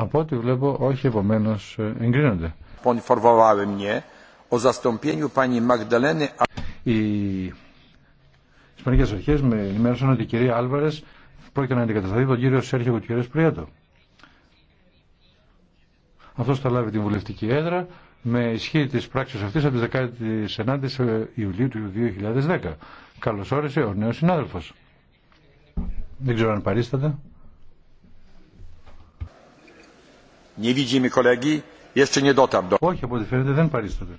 Από ό,τι βλέπω, όχι επομένω ε, εγκρίνονται. Λοιπόν, Οι Ισπανικέ Αρχέ με ενημέρωσαν ότι η κυρία Άλβαρε πρόκειται να αντικατασταθεί τον κύριο Σέρχιο Κουτιέρε Πριέτο. Αυτό θα λάβει την βουλευτική έδρα με ισχύ τη πράξη αυτή από τι 19 Ιουλίου του 2010. Καλώ όρισε ο νέο συνάδελφο. Δεν ξέρω αν παρίσταται. Όχι, από ό,τι φαίνεται δεν παρίσταται.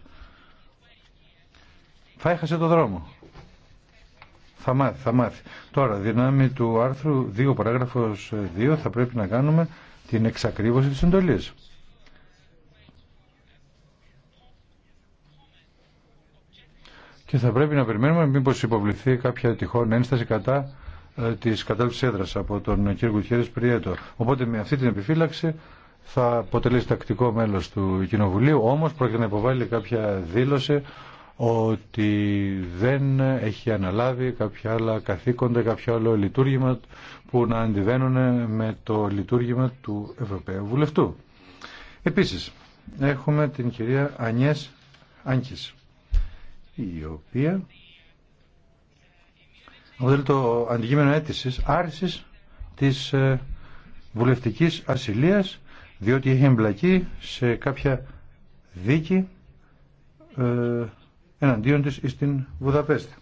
Θα έχασε το δρόμο. Θα μάθει, θα μάθει. Τώρα, δυνάμει του άρθρου 2, παράγραφος 2, ε, θα πρέπει να κάνουμε την εξακρίβωση της εντολής. Και θα πρέπει να περιμένουμε μήπως υποβληθεί κάποια τυχόν ένσταση κατά ε, της κατάληψης έδρας από τον κύριο Κουτιέρης Πριέτο. Οπότε με αυτή την επιφύλαξη θα αποτελέσει τακτικό μέλος του Κοινοβουλίου, όμως πρόκειται να υποβάλει κάποια δήλωση ότι δεν έχει αναλάβει κάποια άλλα καθήκοντα, κάποιο άλλο λειτουργήμα που να αντιβαίνουν με το λειτουργήμα του Ευρωπαίου Βουλευτού. Επίσης, έχουμε την κυρία Ανιές Άγκης, η οποία αποτελεί το αντικείμενο αίτησης άρσης της ε, βουλευτικής ασυλίας διότι έχει εμπλακεί σε κάποια δίκη ε, εναντίον της στην Βουδαπέστη.